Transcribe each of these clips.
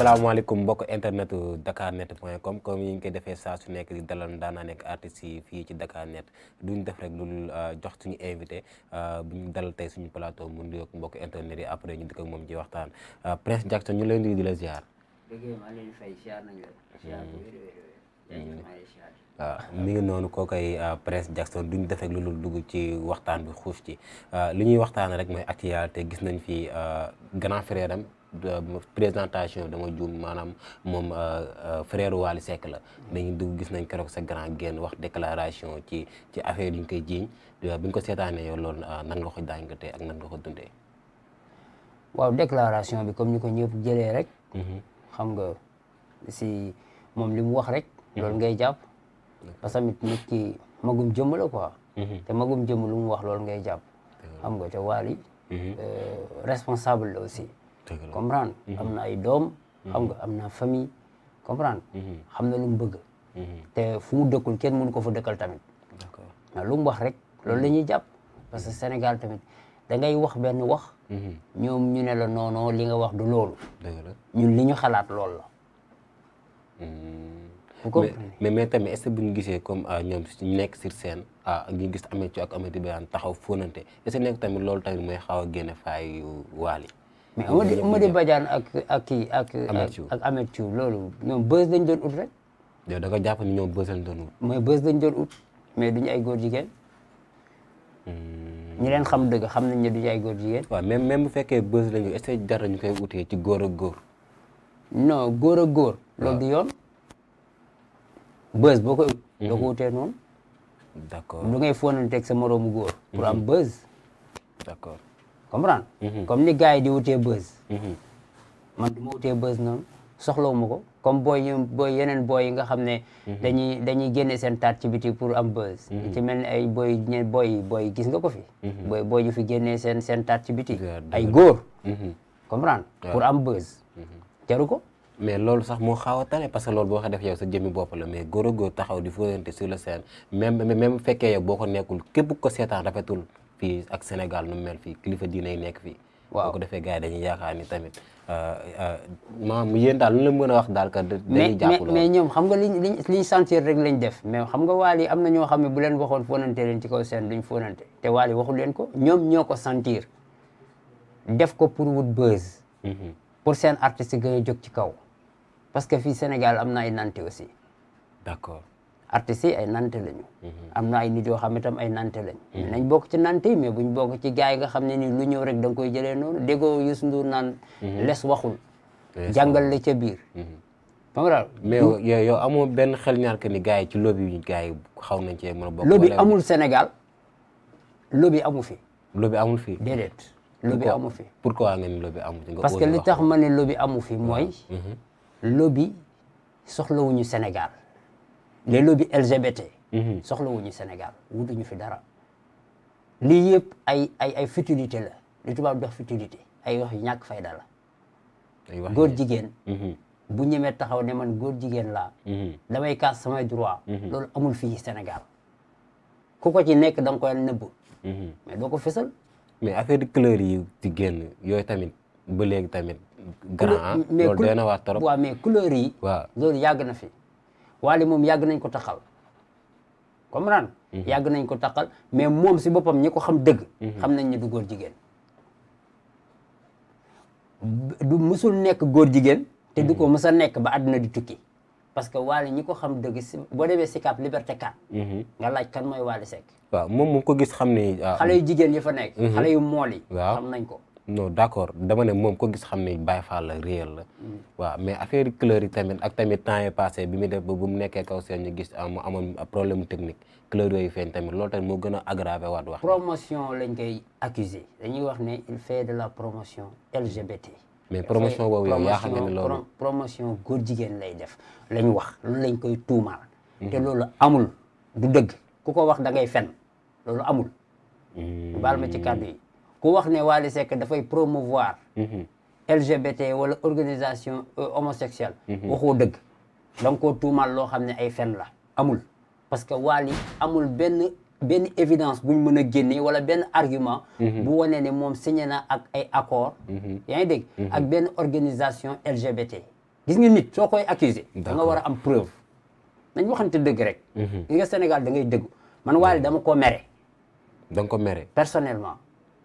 salaamaaleykum mbokk internet dakarnet point com comme yi ñu koy defee saa su nekk di dalal daana nekk artistes yi fii ci dakarnet duñ def rek lu euh, jox suñu invité euh, bu ñu dalal tey suñu plateau mu nuyoog mbokk internet yi après ñu dëkk ak moom ci waxtaan euh, Prince Jackson ñu lay nuyu di la ziar. dëgg maa leen fay ziar nañu ngi noonu kookoy Prince Jackson duñ def rek lu dugg ci waxtaan bi xuus ci li ñuy waxtaan rek mooy te gis nañ fii grand frère am. présentation dama juum maanaam moom euh, euh, frère Wally Seck la dañu dugg gis nañ keroog sa grand génn wax déclaration ci ci affaire yi ñu koy jiiñ bi ñu ko seetaanee yow loolu euh, nan nga ko jàngatee ak nan nga ko dundee waaw déclaration bi comme ni ko ñëpp jëlee rek mm-hmm. xam nga si moom li mu wax rek mm-hmm. loolu ngay jàpp parce que tamit nit ki magum jëmm la quoi mm-hmm. te magum jëmm lu mu wax loolu ngay jàpp xam nga te Wally responsable la aussi comprendre mhm. am na ay doom xam mhm. nga am naa famille comprendre mhm. xam na lu mu bëgg te fu mu dëkkul kenn mënu ko fa dëkkal tamit na lu mu wax rek loolu la jàpp parce que Sénégal tamit da ngay wax benn wax ñoom ñu ne la noono li nga wax du loolu ñun li ñu xalaat lool la mais mais tamit est-ce bu ñu gisee comme ah, ñoom ñu nekk sur scène ah ñu gis Ameth Thiou ak Amady am taxaw fóonante est-ce que nekk tamit lool tamit mooy xaw a génne faay yu mais Amady Badiane ak ak kii ak. ak Ameth Thiou loolu ñoom bës dañ doon ut rek. da nga jàpp ni ñoom bës lañ doon ut. mooy bës dañ doon ut mais duñu ay góor jigéen. Hmm. ñi leen xam dëgg xam nañ ne duñu ay góor jigéen. waaw même même bu fekkee bës lañu est-ce dara ñu koy utee ci góor a góor. non góor a góor. loo du yoon. bës boo koy ut. Hmm. doo ko utee noonu. d'accord du ngay fóonanteeg sa moroomu góor. pour hmm. am bës. d'accord. comprendre mm-hmm. comme ni gars yi di wutee buzz mm-hmm. man du ma wutee buzz noonu soxlawu ma ko comme booy yu booy yeneen booy yi nga xam ne mm-hmm. dañuy dañuy génne seen taat ci biti pour am buzz ci mel ni ay booy booy booy gis nga ko fi booy booy yu fi génnee seen seen taat ci biti ay góor comprendre pour am buzz jaru ko mais loolu sax moo xaw a tane parce que loolu boo xam def yow sa jëmmi bopp la mais góor a góor taxaw di fóonante sur le scène même même fekkee yow boo ko nekkul képp ko seetaan rafetul fii ak Sénégal nu mel fii kilifa diine yi nekk fii. waaw boo ko defee gars yi dañuy ni tamit ma euh, euh, maam yéen daal lu la mën a wax daal que dañuy jàpp loolu mais ñoom xam nga liñ liñ liñ sentir rek lañ def mais xam nga waali am na ñoo xam ne bu leen waxoon fonante leen ci kaw seen duñ fonante te waali waxul leen ko ñoom ñoo ko sentir def ko pour wut buzz. Mhm. pour seen artiste gën a jóg ci kaw Sénégal am na ay nante aussi. artistes yi ay nante lañu. Mhm. am na ay nit yoo xam ne tam ay nante lañu. Mhm. nañ bokk ci nante yi mais buñ bokk ci gars yi nga xam ne ni lu ñëw rek da nga koy jëlee noonu déggoo Youssou Ndour naan. Mhm. les waxul. jàngal le ca biir. mais yow yow benn xel ñaar que yi ci lobby yi gars yi xaw nañ cee mën a bokk. lobby amul Sénégal lobby amu fi. lobby amul fi déedéet. lobby amu fi pourquoi nga ni lobby amu fi. parce que li tax ma ne lobby amu fi mooy. lobby soxlawuñu Sénégal. les lobbies LGBT. Mhm. soxlawuñu Sénégal wutuñu fi dara. lii yëpp ay ay ay futilité la li tubaab dox futilité ay wax yu fayda la. góor jigéen. Mhm. bu ñemee taxaw ne man góor jigéen laa. Mhm. damay ka samay droit. loolu amul fii Sénégal. ku ko ci nekk da nga koy nëbb. mais doo ko fësal. mais affaire couleur yi ci génn yooyu tamit ba léegi tamit. grand loolu doy na waa trop yi. waaw loolu yàgg na fi. waale moom yàgg nañ ko taxal comprendre mhm. yàgg nañ ko taxal mais moom si boppam ñi ko xam dëgg mhm. xam nañ ne du góor jigéen du mësul nekk góor jigéen te du ko mhm. mës a nekk ba àdduna di tukki parce que waale ñi ko xam dëgg si boo demee Sicap Liberté 4 nga laaj kan mooy waale Seck waaw moom mu ko gis xam ne ah, xale yu jigéen yi fa nekk xale yu mool yi xam nañ ko no d'accord dama ne moom ko gis xam ne Baye Fall la réel la. Mm. waaw mais affaire couleur yi tamit ak tamit temps yi passé bi mu def ba bu mu nekkee kaw seen ñu gis ah, mu amoon problème technique couleur yooyu feeñ tamit loolu tamit moo gën a aggravé waat wax. promotion lañ koy accuser dañuy wax ne il de la promotion LGBT. mais promotion boobu yow yaa xam ne loolu promotion góor jigéen lay def lañ wax loolu lañ koy tuumaal. Mm-hmm. te loolu amul du dëgg ku ko wax da ngay fen loolu amul. Mm. baal ma ci kàddu yi. ko wax ne Wally Seck dafay promouvoir mhm. LGBT wala organisation euh, homosexuelle mhm. waxoo dëgg da nga koo tuumal loo xam ne ay fen la amul parce que Wally amul benn benn évidence buñ mën a génne wala benn argument mhm. bu wane ne moom signé na ak ay accord yaa ngi dégg ak benn organisation LGBT gis nga nit soo koy accusé da war a am preuve nañ waxante dëgg rek gis nga Sénégal da ngay dëgg man Wally dama koo mere da nga ko mere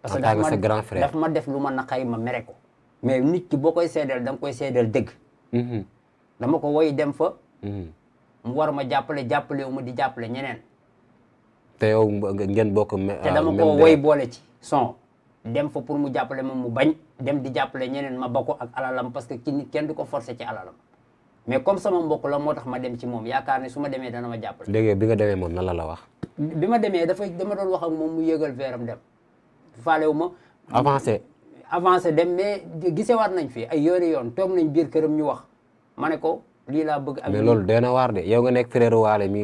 parce que daf ma grand ma def lu man na naqari ma mere ko mais nit ki boo koy seedeel da koy seedeel dëkk mhm. dama ko woy dem fa mhm. mu war ma jàppale jàppale wu ma di jàppale ñeneen te yow ngeen bokk te dama ah, ko woy boole ci son dem fa pour mu jàppale ma mu bañ dem di jàppale ñeneen ma ba ko ak alalam parce que ki kenn du ko forcer ci alalam mais comme sama mbokk la moo tax ma dem ci moom yaakaar ne su ma demee dana ma jàppale léegi bi nga demee moom nan la la wax bi ma demee dafay dama doon wax ak moom mu yëgal veeram dem faalewu ma avancé avancé dem gise gisewaat nañ fi ay yoori yoon toog nañ biir këram ñu wax ma ne ko lii laa bëgg ak mais loolu dee na waar de yow nga nekk frère waale mi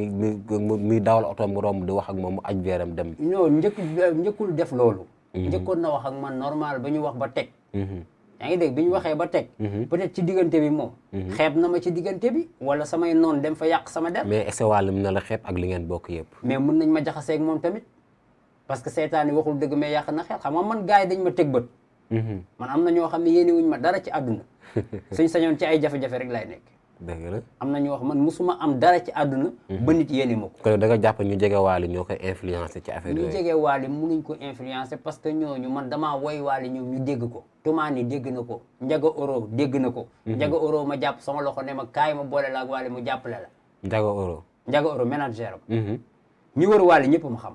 mi dawal oto mu romb di wax ak moom mu aj veeram dem non njëkk njëkkul def loolu mhm. njëkkoon na wax ak man normal ba ñu wax ba teg mhm. yaa ngi dégg bi ñu waxee ba teg mhm. peut-être ci diggante bi moom xeeb na ma ci diggante bi wala samay noon dem fa yàq sama der mais est-ce que na la xeeb ak li ngeen bokk yëpp mais mun nañ ma jaxaseeg moom tamit parce que seytaan yi waxul dëgg mais yàq na xel xam nga man gars yi dañ ma teg bët mhm. man am na ñoo xam ne yéene wuñ ma dara ci àdduna suñ sañoon ci ay jafe-jafe rek lay nekk dëgg la am na ñoo xam man musuma am dara ci àdduna mhm. ba nit yéene ma ko kon da jàpp ñu jege waali ñoo koy influencé ci affaire yooyu ñu jege waali ko influencé parce que ñooñu man dama woy waali ñoom ñu dégg ko tumaani dégg na ko njaga oro dégg na ko mhm. njaga oro ma jàpp sama loxo ne ma kaay ma boole la ak waali mu jàppale la njaga oro njaga oro ménagère am ñu wër ñëpp xam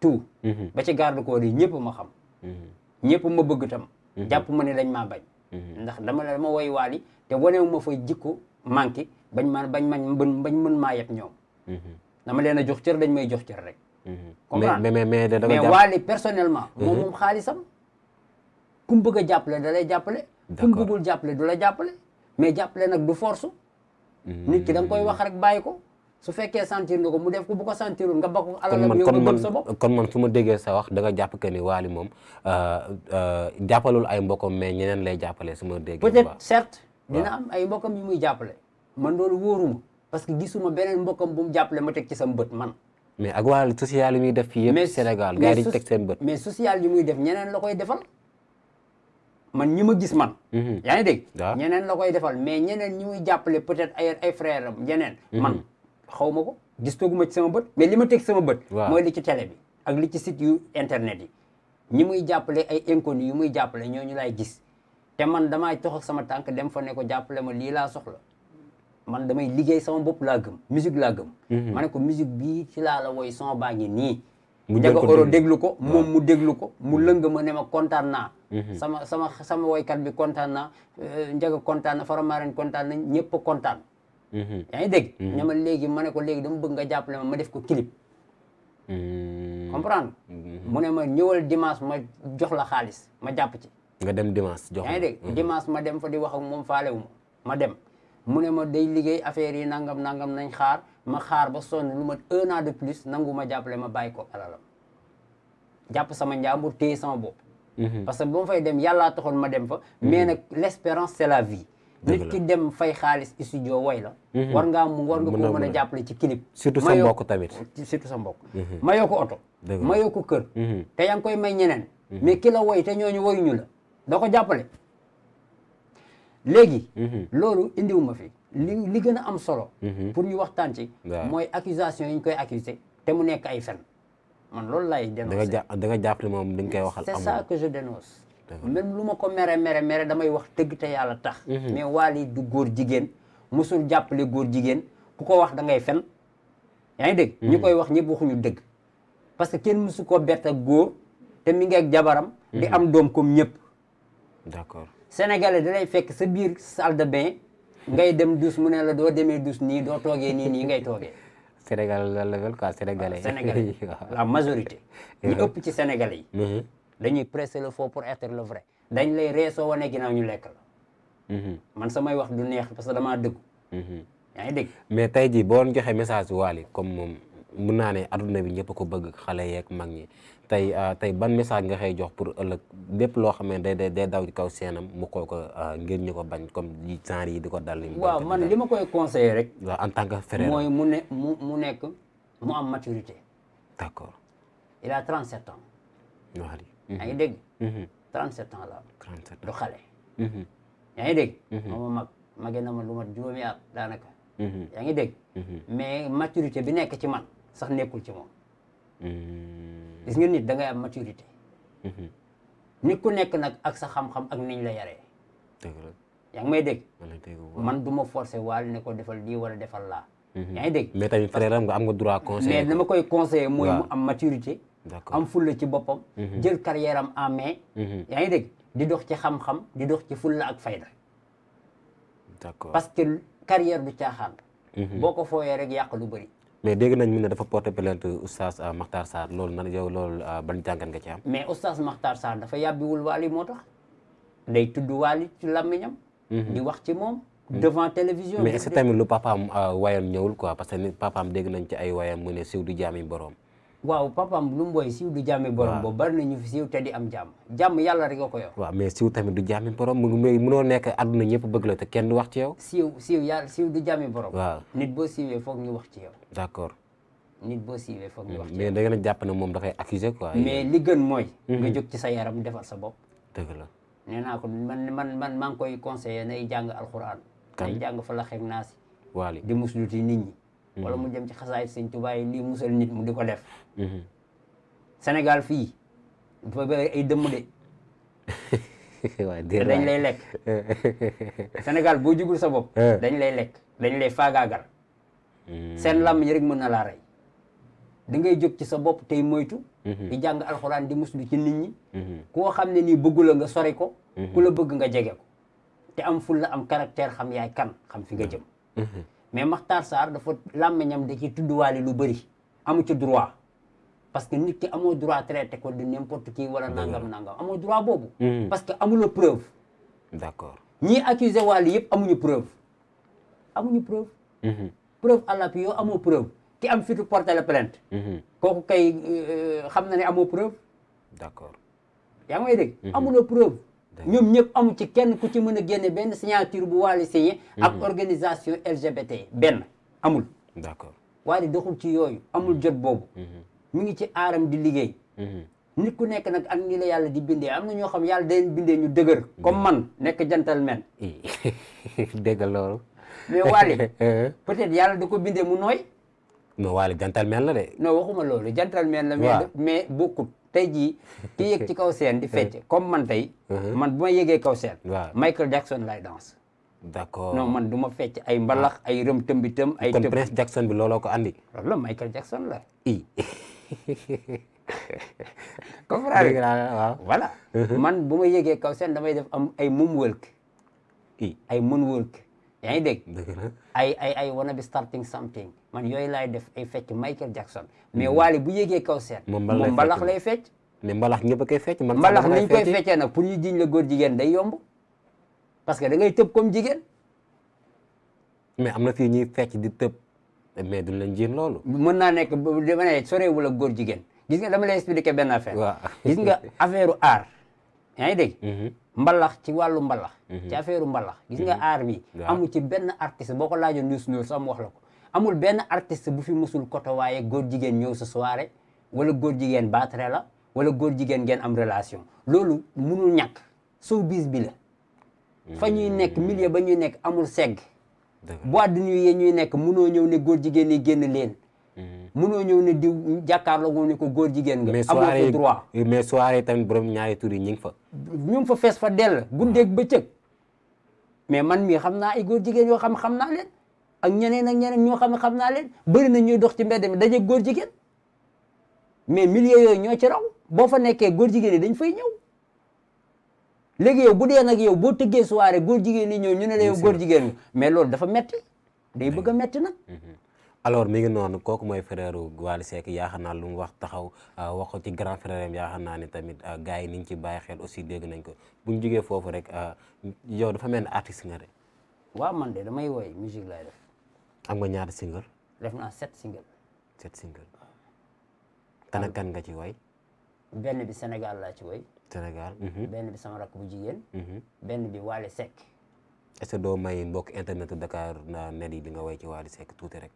tout. Mhm. ba ci garde corps yi ñëpp ma xam. Mhm. ñëpp ma bëgg tam. Mhm. jàpp ma ne dañ maa bañ. ndax dama dama woy waali te wu ma fa jikko manqué bañ ma bañ mañ bañ mën maa yeb ñoom. dama leen a jox cër dañ may jox cër rek. comprendre mais mais mais da mais waali personnellement. moom moom xaalisam. ku mu bëgg a jàppale da lay jàppale. ku mu bëggul jàppale du la jàppale. mais jàppale nag du force. nit ki da koy wax rek bàyyi ko. su fekkee sentir na ko mu def ko bu ko sentirul nga bakk alalam yow nga sa bopp kon man su ma déggee sa wax da nga jàpp que ni Wally moom euh, euh, jàppalul ay mbokkam mais ñeneen lay jàppale su ma déggee peut-être certes dina am ay mbokkam yu muy jàppale man loolu wóoruma parce que gisuma beneen mbokkam bu mu jàppale ma teg ci sam bët man mais ak Wally social yi muy def fii yëpp Sénégal gars yi teg seen bët mais social yi muy def ñeneen la koy defal man ñi ma gis man mhm. yaa ngi dégg ñeneen la koy defal mais ñeneen ñi muy jàppale peut-être ay ay frère am ñeneen man mhm. xaw ma ko gis tooguma ci sama bët mais li ma teg sama bët mooy li ci télé bi ak li ci site yu internet yi ñi muy jàppale ay inconnus yu muy jàppale ñoo ñu laay gis te man damay tox sama tànk dem fa ne ko jàppale ma lii laa soxla man damay liggéey sama bopp laa gëm musique laa gëm mhm. ma ne ko musique bii ci laa la woy son baa ngi nii njaga oro déglu ko moom mu déglu ko mu mhm. lëng ma ne ma kontaan naa mhm. sama sama sama woykat bi kontaan naa euh, njaga kontaan na faramaren kontaan na ñëpp kontaan Mhm. yaa ngi dégg. Mhm. ne ma léegi ma ne ko léegi dama bëgg nga jàppale ma def ko clip. Mhm. comprendre mu ne ma ñëwal dimanche ma jox la xaalis ma jàpp ci. nga dem dimanche jox ma yaa ngi dégg dimanche ma dem fa di wax ak moom faale wu ma dem. mu ne ma day liggéey affaire yi nangam nangam nañ xaar ma xaar ba sonn lu ma un an de plus nangu ma jàppale ma bàyyi ko alalam jàpp sama njàmbur téye sama bopp. parce que ba ma fay dem yàllaa taxoon ma dem fa. mais nag l' est la vie. nit ki dem fay xaalis studio woy la. Mhm. war ngaa mu war nga ko mën a jàppale ci clip. surtout sa mbokk tamit surtout sa mbokk. Mhm. mayoo ko oto. mayoo ko kër. Mhm. te yaa ngi koy may ñeneen. mais ki la woy te ñooñu ñu la doo ko jàppale. léegi. loolu indi ma fi li li gën a am solo. pour ñu waxtaan ci. mooy accusation yi ñu koy accuser te mu nekk ay fen man loolu laay dénoncer da nga jàpp da nga jàpp moom dañ koy waxal amul c'est ça que même lu ma ko mere mere damay wax tëgg te yàlla tax mhm. mais waali du góor jigéen mosul jàppale góor jigéen ku ko wax da ngay fen yaa ngi dégg mhm. koy wax ñëpp waxuñu dëgg parce que kenn mosu ko bett ak góor te mi ngi ak jabaram di mhm. am doom comme ñëpp d'accord sénégalais da lay fekk sa biir salle de bain ngay dem dus mu ne la doo demee dus nii doo toogee nii nii ngay toogee Sénégal la level quoi majorité ñi ëpp ci sénégalais dañuy presser le faux pour être le vrai dañ lay reeso soo wanee ginnaaw ñu lekk la mhm. man samay wax du neex parce que damaa dëgg mhm. dégg mais tey jii boo joxee message Wally comme moom mun naa ne adduna bi ñëpp ko bëgg xale yeek mag ñi tey euh, tey ban message nga xëy jox pour ëllëg lépp loo xam ne day daw ci kaw seenam mu koo ko euh, ngeen ñu ko bañ comme genre yi di ko dal. waaw man li ma koy conseiller rek. en tant que frère. mooy mu ne mu mu nekk mu am maturité. d'accord il a 37 Mhm. Mhm. Mhm. yaa ngi dégg. 37 ans la am. 37 yaa ngi dégg. moom ma mag na ma lu mat juróomi daanaka. yaa ngi dégg. mais maturité bi nekk ci man sax nekkul ci moom. gis nga nit da ngay am maturité. nit ku nekk nag ak sa xam-xam ak la yaree. dëgg la yaa ngi may dégg. man ma forcé waali ko defal lii wala defal laa. yaa ngi dégg mais tamit frère am nga am nga droit conseiller. mais mooy am maturité. am fulla ci boppam mhm. jël carrière am en main mhm. yaa di dox ci xam-xam di dox ci fulla ak fayda d'accord parce que carrière du caaxaan mhm. boo ko fooyee rek yàq lu bëri mais dégg nañ mu ne dafa porter plainte oustaz euh, Makhtar Sarr loolu nan yow loolu euh, ban jàngat nga ci mais oustaz Makhtar Sarr dafa yàbbiwul waali moo tax day tudd waali ci làmmiñam di wax ci moom devant télévision mais est-ce que tamit lu papaam euh, waayam ñëwul quoi parce que nañ ci ay waayam mu ne siw boroom waaw papam lu mboy siiw du jàmmi borom boobu bari nañu fi siiw te di am jàmm jàmm yàlla rek a ko yor waaw mais siiw tamit du jàmmi borom mu ngi mënoo nekk àdduna ñëpp bëgg la te kenn du wax ci yow siiw siiw yàlla siiw du jàmmi borom waaw nit boo siiwee foog ñu wax ci yow d'accord nit boo siiwee foog ñu wax ci yow mais da ngeen a jàpp ne moom dafay accuser quoi mais li gën mooy nga mhm. jóg ci sa yaram defal sa bopp dëgg la nee naa ko man man man maa ngi koy conseiller nay jàng alxuraan nay jàng fa la xeeg naa si waali di musluti nit ñi wala mu jëm mhm. ci xasaay sëñ Tuubaa nii musal nit mu di ko def mhm. Sénégal fii dafa bëri ay dëmm de dañ lay lekk senegal boo jugul sa bopp eh. dañ lay lekk dañ lay faagaagal mm. seen làmm yi rek mën na laa rey da ngay jóg ci sa bopp tey moytu mhm. di jàng alxuraan di muslu ci nit ñi koo xam ne nii bëggu la nga sori ko ku la bëgg nga jege ko te am ful la am caractère xam yaay kan xam fi nga mm. jëm mais Makhtar Sarr dafa làmmiñam da ci tudduwaale lu bëri amu ci droit parce que nit ki amoo droit traité ko de n'importe qui wala nangam nangam amoo droit boobu hmm. parce que amuloo preuve d'accord ñii accusé Wally yëpp amuñu preuve amuñu preuve hmm. preuve amoo preuve ki am fitu porter la plainte hmm. kooku kay euh, xam na ne amoo preuve d'accord yaa ngi amuloo preuve ñoom ñëpp amu ci kenn ku ci mën a génne benn signature bu Wally signé ak mhm. organisation LGBT benn amul d'accord Wally doxul ci yooyu amul mhm. jot boobu mhm. mu ngi ci aaram di liggéey nit ku nekk nag ak ni la yàlla di bindee am na ñoo xam yàlla daleen bindee ñu dëgër comme man nekk gentleman dégg loolu mais Wally uh-huh. peut-être yàlla di ko bindee mu nooy mais Wally gentleman la de non waxuma loolu gentleman la mais bokkut tey jii ki yëg ci kaw seen di fecc comme man tey. Uh-huh. man bu ma yëgee kaw seen. Michael Jackson lay danse. d'accord non man du ma fecc ay mbalax ah. ay rëm tëmbi tëm ay tëmb. kon Jackson bi looloo ko andi. loolu Michael Jackson la. i comprendre nga uh-huh. man bu ma yëgee kaw seen damay def am ay moonwalk. i ay moonwalk. yaa ngi dégg ay ay ay wanna be starting something man yooyu laay def ay fecc Michael Jackson hmm. mais Wally bu yéegee kaw seet moom mbalax lay fecc mais mbalax ñëpp a koy fecc man mbalax ni ñu koy feccee nag pour ñu jiñ la góor jigéen day yomb parce que da ngay tëb comme jigéen mais am na fii ñuy fecc di tëb mais du leen jiin loolu mën naa nekk dama ne sorewul ak góor jigéen gis nga dama lay expliquer benn affaire waaw gis nga affaire u art yaa ngi dégg mm-hmm. mballax ci wàllu mbalax mhm. ci affaire mbalax gis nga mhm. aar bi amul ci benn artiste boo ko laajoon Youssou Ndour sax wax la ko amul benn artiste bu fi musul kotowaaye góor jigéen ñëw sa soirée wala góor jigéen battre la wala góor jigéen ngeen am relation loolu munul ñàkk soo bis bi fa ñuy mhm. nekk milieu ba ñuy nekk amul segg boîte de nuit yi ñuy nekk munoo ñëw ne góor jigéen ñi génn leen mënoo ñëw ne diw jàkkaarloo moom ne ko góor jigéen nga amoo fa droit mais soirée tamit borom ñaari ñu ngi fa ñu ngi fa fees fa dell guddeeg bëccëg mais man mii xam naa ay góor jigéen yoo xam xam naa leen ak ñeneen ak ñeneen ñoo xam xam naa leen bëri na ñuy dox ci mbedd mi daje góor jigéen mais milieu yooyu ñoo ci raw boo fa nekkee góor jigéen yi dañ fay ñëw léegi yow bu dee nag yow boo tëggee soirée góor jigéen yi ñëw ñu ne la yow góor jigéen nga mais loolu dafa metti day bëgg a metti nag mhm. alors mi ngi noonu kooku mooy frère Wally Seck yaakaar naa lu mu wax taxaw ah, wax ko ci grand frère am yaakaar naa ne tamit ah, gars yi ni ñu ci bàyyi xel aussi dégg nañ ko bu ñu jugee foofu rek ah, yow dafa mel ni artiste nga de. waaw man de damay woy musique laay def. am nga ñaata single. def naa sept single. sept single. kan ak nga ci woy. benn bi Sénégal laa ci woy. Sénégal. Mhm. benn bi sama rakk bu jigéen. Mhm. benn bi Wally Seck. est que doo may mbokk internet Dakar net yi di nga woy ci Wally Seck tuuti rek.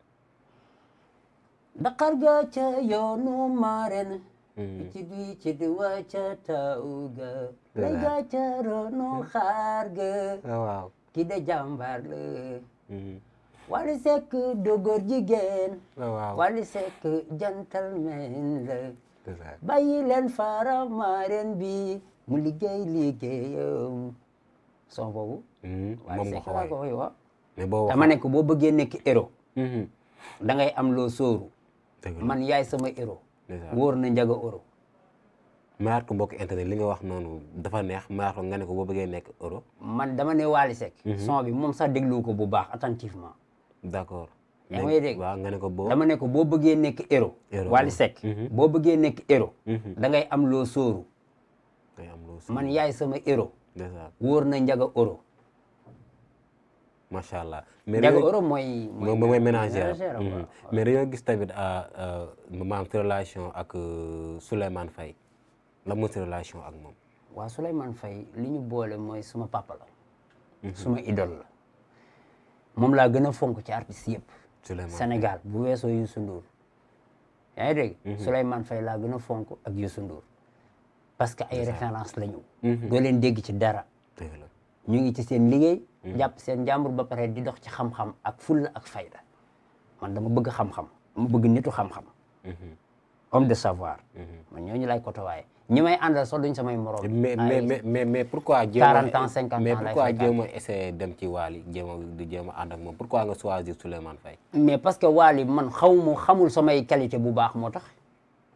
Dakar ga ca yoonu maren hmm. ci bi ci di ca taw ga lay ga ca roonu xaar ga ah, ki de jàmbaar la hmm. Wally Seck do góor jigéen ah, Wally la bàyyi leen fara maren bi mu liggéey liggéeyam son boobu hmm, Wally Seck laa ko koy wax dama nekk boo bëggee nekk héros da am loo sóoru man yaay sama héros. wor na njaga oro mayaat ko mbokk internet li nga wax noonu dafa neex mayaat ko nga ne ko boo bëggee nekk euro. man dama ne Wally Seck. Mhm. son bi moom sax déglu ko bu baax attentivement. d'accord. yaa ngi dégg waaw nga ne ko boo ne ko boo bëggee nekk héros. Wally Seck. Mhm. boo bëggee nekk héros. Mhm. da ngay am loo sóoru. man yaay sama héros. wóor na njaga euro. macha allah. mais Ndiago Euro mooy. mooy ménagère mhm. mais dañoo gis tamit ah, ah, maam sa relation ak euh, Souleymane Faye la moo sa relation ak moom. waaw Souleymane fay li ñu boole mooy suma papa mhm. suma idole la. moom laa gën a fonk ci artistes yëpp. Sénégal bu weesoo Youssou Ndour. yaa ngi dégg. Mhm. Souleymane laa gën a fonk ak Youssou Ndour. parce que ay références la ñu. doo leen ci dara. ñu ngi ci seen Mm-hmm. jàpp seen jàmbur ba pare di dox ci xam-xam ak fulla ak fayda man dama bëgg xam-xam dama bëgg nitu xam-xam mm-hmm. homme de savoir mm-hmm. man ñooñu lay kotowaaye ñi may àndal sax duñ samay morom mais mais mais mais pourquoi jéem a 40 ans 50 ans mais pourquoi jéem a essayer a di jéem a ànd ak moom pourquoi nga choisir Souleymane Faye mais parce que Wally man xaw mu xamul samay qualité bu baax moo tax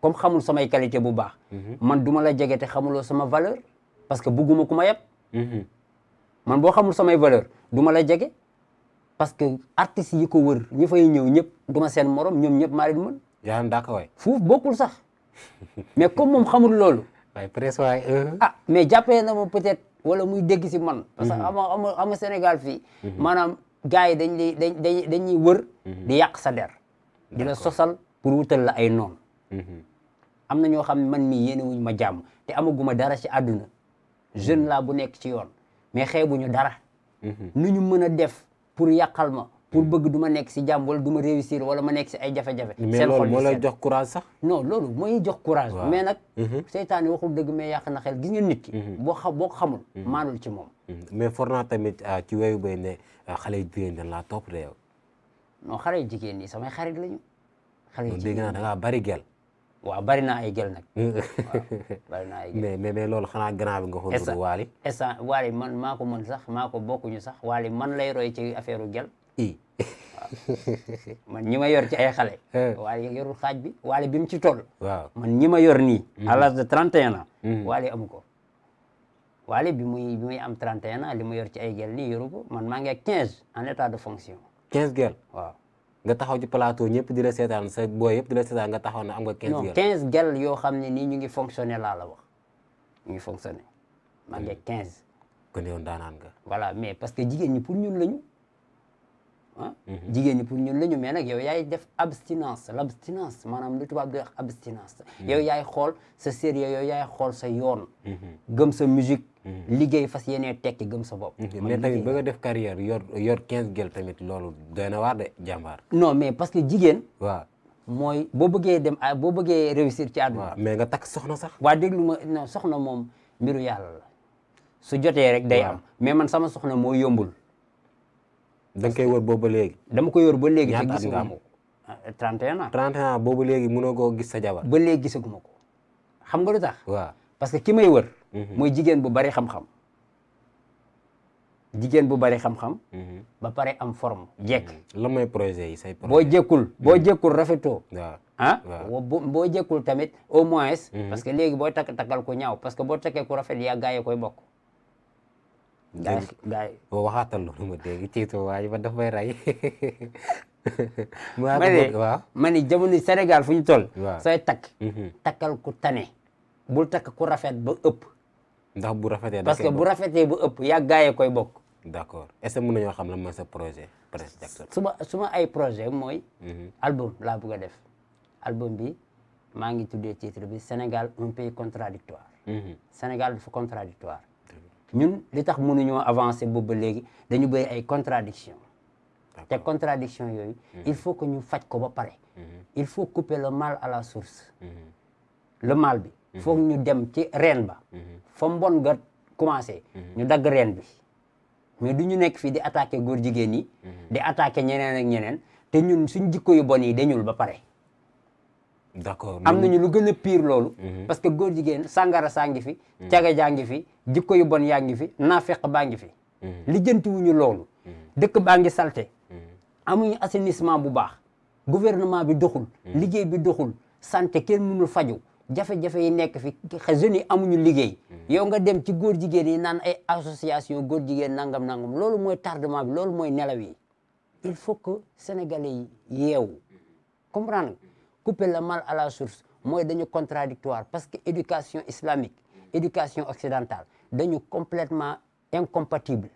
comme xamul samay qualité bu baax man duma la jege te xamuloo sama valeur parce que bugguma ku ma yeb man boo xamul samay valeur du ma la jege parce que artistes yi ko wër ñi fay ñëw ñëpp duma ma seen morom ñoom ñëpp maa leen mën. yaa fuuf bokkul sax mais comme moom xamul loolu. waay presque waay. Euh. ah mais jàppee na ma peut-être wala muy dégg si man. parce que mhm. ama ama ama Sénégal fii. Mhm. maanaam gars yi dañ lay dañ dañuy wër. Mhm. di yàq sa der. di la sosal pour wutal la ay noon am na ñoo xam ne man mii yéene wuñ ma jàmm te amaguma dara ci àdduna jeune laa bu nekk ci yoon. mais ñu dara. nu mhm. ñu mën a def pour yàqal ma. pour bëgg du ma nekk si jàmm wala du ma réussir wala ma nekk si ay jafe-jafe. seen xol moo lay jox courage sax. non loolu mooy jox courage. mais nag. Mhm. seytaane waxul dëgg mais yàq na xel gi ngeen nit ki. Mhm. boo xam boo ko xamul. maanul ci moom. mais for naa tamit ah, ci weyu bay ne ah, xale yu jigéen dañ laa topp de yow. non jigéen ñi samay xarit lañu. xale yu jigéen ñi dégg da ngaa bari gel waaw bari naa ay gel nag. bari naa ay gel mais loolu xanaa grand bi nga xool. est waali instant waali man maa ko sax maa ko bokkuñu sax waali man lay roy ci affaire u gel. man ñi ma yor ci ay xale. Eh. waali yorul xaaj bi waali bi mu ci toll. waaw man ñi ma yor nii. Mm-hmm. à l'âge de 31 ans. Mm-hmm. waali amu ko. waali bi muy bi am 31 ans li ma yor ci ay gel lii yoru man maa ngi ak 15 de fonction. 15 gel nga taxaw ci plateau ñëpp di la seetaan sa booy yëpp di la seetaan nga taxaw na am nga. 15 gel non 15 gel yoo xam ne ni ñu ngi fonctionné la wax ñu ngi fonctionné maa ngi 15. kon yow daanaan nga. voilà mais parce que jigéen ñi pour ñun lañu ah. Mhm. jigéen ñi pour ñun lañu mais nag yow yaay def abstinence l' abstinence maanaam lu tubaab di wax abstinence. Mhm. yow yaay xool sa sérieux yow yay xool sa yoon. Mhm. gëm sa musique. Mm-hmm. liggéey fas yéenee tekki gëm sa bopp. Mm-hmm. mais tamit ba nga def carrière yor yor 15 tamit loolu doy na waar de jàmbaar. non mais parce que jigéen. waaw mooy boo bëggee dem ah, boo bëggee réussir ci àdduna. mais nga takk soxna sax. waa déglu ma non soxna moom mbiru yàlla la su jotee rek day am. mais man sama soxna mooy yombul. da nga koy wër boobu ba léegi. dama koy wër ba léegi. te gis nga ko 31 ah, ans. 31 boobu léegi mënoo koo gis sa jabar. ba léegi ko parce que ki may wër. Mhm. mooy jigéen bu bari xam-xam. jigéen bu bari xam-xam. Mhm. ba pare am forme jekk. Mhm. lan mooy projet yi say projet boo jekkul boo jekkul rafetoo. Ah? boo jekkul tamit au moins. parce que léegi booy takk takkal ku ñaaw parce que boo takkee ku rafet yaa gaa koy bokk. gaa gaa yi boo waxaatal ma dégg waaye ba daf may rey. ma ne Sénégal fu ñu toll. waaw takkal ku tane. bul takk ku rafet ba ëpp. ndax bu rafetee parce que bu rafetee ba ëpp yaa gaayee koy bokk. d'accord est ce que mën nañoo xam la mooy sa projet Prince Jackson. suma suma ay projet mooy. Mhm. album la bëgg a def. album bi maa ngi tuddee titre bi Sénégal un pays contradictoire mhm. Sénégal dafa contradictoire ñun li tax mënuñoo avancer boobu ba léegi dañu bëri ay contradiction te contradiction yooyu. Mhm. il faut que ñu faj ko ba pare. il faut couper le mal à la source. le mal bi. Mhm. foog ñu dem ci reen ba mhm. fa mbon nga commencé mhm. ñu dagg reen bi mais du ñu nekk fii di attaqué góor jigéen yi di attaqué ñeneen ak ñeneen te ñun suñ jikko yu bon yi dañul ba pare d'accord am nañu lu gën a pire loolu parce que góor jigéen sàngara saa ngi fi caga jaa ngi fi jikko yu bon yaa ngi fi naafeq baa ngi fi lijjanti wuñu loolu dëkk baa ngi salte amuñu assainissement bu baax gouvernement bi doxul liggéey bi doxul santé kenn mënul faju jafe-jafe yi nekk fi jeunes yi amuñu liggéey. Mm-hmm. yow nga dem ci góor jigéen yi naan ay association góor jigéen nangam nangam loolu mooy tardement loolu mooy nelaw yi il faut que sénégalais yi yeewu mm-hmm. comprendre mm-hmm. couper le mal à la source mooy dañu contradictoire parce que éducation islamique éducation occidentale dañu completement incompatible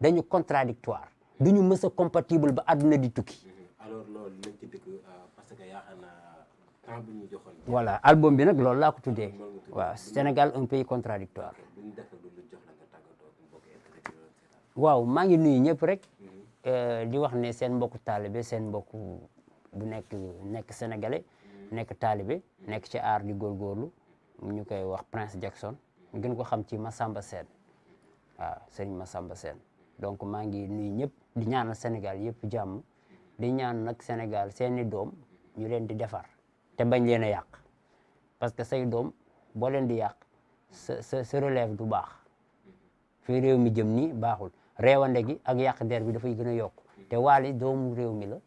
dañu contradictoire duñu mës a compatible ba àdduna di tukki voilà album bi nag loolu laa ko tuddee waaw Sénégal un pays contradictoire waaw maa ngi nuyu ñëpp rek mhm. euh, di wax ne seen mbokku taalibe seen mbokku bu nekk nekk sénégalais mhm. nekk taalibe nekk ci aar di góorgóorlu ñu koy wax Prince Jackson ñu gën ko xam ci Massamba Sène waaw sëriñ Massamba Sène donc maa ngi nuyu ñëpp di ñaanal senegal yëpp jàmm di ñaan nag senegal seeni doom ñu leen di defar te bañ leen a yàq parce que say doom boo leen di yàq sa sa sa relève du baax fii réew mi jëm ni baaxul réewande gi ak yàq der bi dafay gën a yokk te Wally doomu réew mi la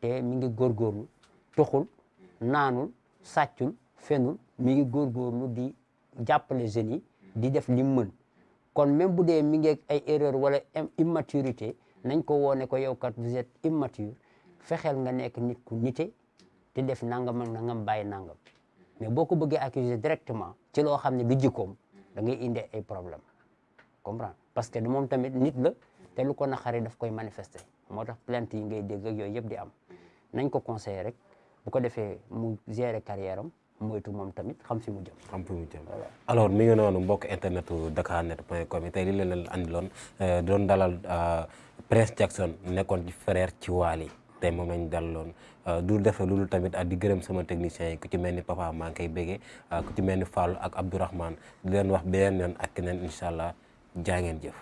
te mi ngi góorgóorlu tuxul naanul sàccul fenul mi ngi góorgóorlu di jàppale jeunes yi di def li mën kon même bu dee mi ngi ay erreur wala immaturité nañ ko woone ko yow kat vous immature fexeel nga nekk nit ku nite di def nangam ak nangam bàyyi nangam mais boo ko bëggee accuser directement ci loo xam ne du jikkoom da ngay indi ay problème comprendre parce que moom tamit nit la te lu ko naqaree daf koy manifester moo ta plainte yi ngay dégg ak yooyu yëpp di am nañ ko conseiller rek bu ko defee mu gérer carrière am moytu moom tamit xam fi mu jëm. xam fi mu jëm alors mi ngi noonu mbokk internetu dakarnet.com yi tey li leen leen euh, doon dalal euh, Prince Jackson nekkoon ci ci Wally tey moom lañu dalaloon euh, du defe loolu tamit ah, di gërëm sama techniciens yi ku ci mel ni papa maa ngi koy béggee euh, ku ci mel ni Fallou ak Abdourahmane di leen wax beneen yoon ak keneen incha allah jaa ngeen jëf.